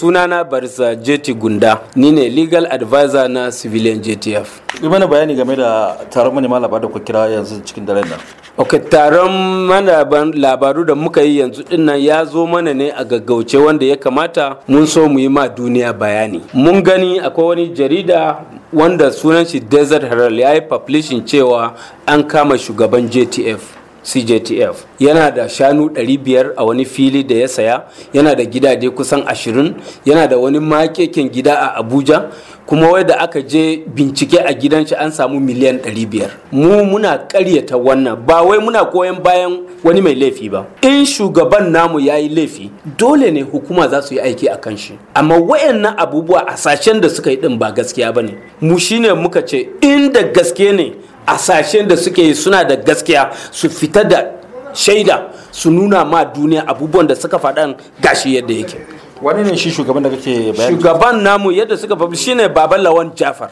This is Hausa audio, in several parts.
sunana barza jeti gunda ni ne legal advisor na civilian jtf yi mana bayani game da taron manema labaru da kira yanzu cikin daren nan ok taron manaban labaru da muka yi yanzu din nan ya zo mana ne a gaggauce wanda ya kamata mun so mu yi ma duniya bayani mun gani akwai wani jarida wanda sunan shi desert herald ya yi publishing cewa an kama shugaban jtf cjtf yana da shanu 500 a wani fili da ya saya yana da gidaje kusan 20 yana da wani makekin gida a abuja kuma wai da aka je bincike a gidan shi an samu miliyan 500 mu muna karyata wannan ba wai muna koyan bayan wani mai laifi ba in shugaban namu ya yi laifi dole ne hukuma za su yi aiki a kan shi amma wayannan abubuwa a sashen da suka yi din ba gaskiya ba ne mu shine muka ce "In da gaske ne asashen da suke suna da gaskiya su fita da shaida su nuna ma duniya abubuwan da suka faɗan gashi yadda yake wani ne shi shugaban da kake bayani shugaban namu yadda suka faɗi shine baban lawan jafar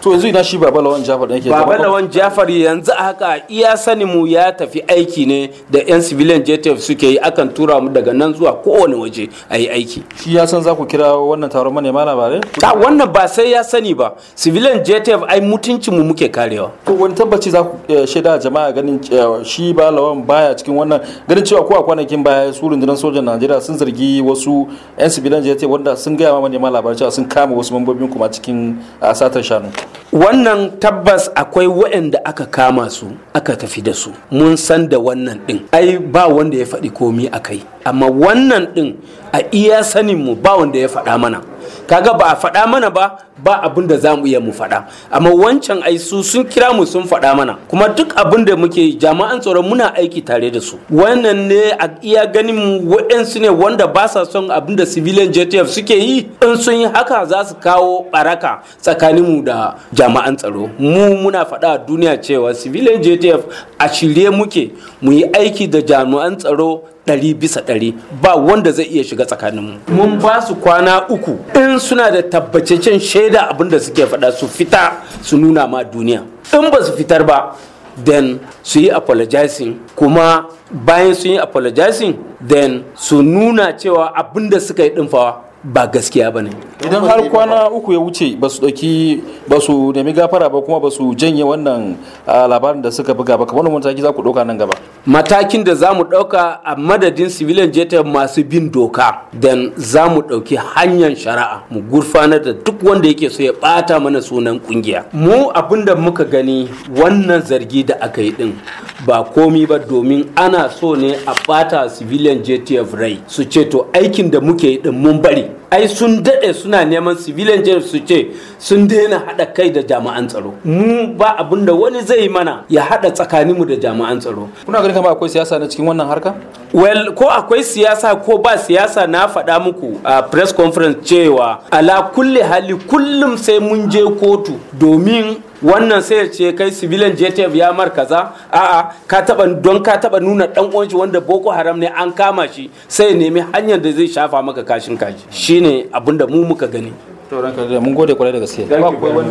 to yanzu idan shi baba lawan jafar yake baba lawan jafar yanzu haka iya sani mu ya tafi aiki ne da yan civilian jtf suke yi akan tura mu daga nan zuwa kowane waje a yi aiki shi ya san za ku kira wannan taron manema labarai ta wannan ba sai ya sani ba civilian jtf ai mutuncin mu muke karewa to wani tabbaci za ku eh, shaida jama'a ganin eh, shi ba lawan baya cikin wannan ganin cewa ko a kwanakin baya su rundunar sojan najeriya sun zargi wasu yan civilian jtf wanda sun gaya ma manema labarai cewa sun kama wasu mambobin kuma cikin ah, satar shanu wannan tabbas akwai waɗanda aka kama su aka tafi da su mun san da wannan ɗin ai ba wanda ya faɗi komi a kai amma wannan ɗin a iya saninmu ba wanda ya faɗa mana kaga ba a faɗa mana ba ba abin da za mu iya mu faɗa amma wancan ai su sun kira mu sun faɗa mana kuma duk abin da muke jama'an tsaron muna aiki tare da su wannan ne a iya ganin waɗansu ne wanda ba sa son abin da civilian jtf suke yi in sun yi haka za su kawo baraka mu da jama'an tsaro mu muna faɗa a duniya cewa civilian jtf a shirye muke mu yi aiki da jami'an tsaro ɗari bisa ɗari ba wanda zai iya shiga tsakanin mu. mun ba su kwana uku in suna da tabbacecen shaida abin da suke faɗa su fita su nuna ma duniya in ba su fitar ba then su yi apologizing kuma bayan su yi apologizing then su nuna cewa abin da suka yi ɗinfawa ba gaskiya ba ne idan har kwana uku ya wuce ba su ɗauki ba su nemi gafara ba kuma ba su janye wannan labarin da suka buga ba kamar wani mataki za ku ɗauka nan gaba matakin da za mu ɗauka a madadin civilian jeta masu bin doka dan za mu ɗauki hanyar shari'a mu gurfanar da duk wanda yake so ya ɓata mana sunan kungiya mu abin da muka gani wannan zargi da aka yi din ba komi ba domin ana so ne a ɓata civilian jtf rai su ce to aikin da muke yi din mun bari ai sun daɗe suna neman civilian jail su ce sun daina haɗa kai da jami'an tsaro mu ba abin da wani zai mana ya haɗa tsakaninmu da jami'an tsaro kuna ganin kamar akwai siyasa na cikin wannan harka well ko akwai siyasa ko ba siyasa na faɗa muku a press conference cewa ala kulli hali kullum sai mun je kotu domin wannan sai ce kai civilian jtf ya mar kaza a'a ka taba don ka taba nuna dan uwanci wanda boko haram ne an kama shi sai nemi hanyar da zai shafa maka kashin kaji shine abinda mu muka gani to ranka mun gode kwarai da gaske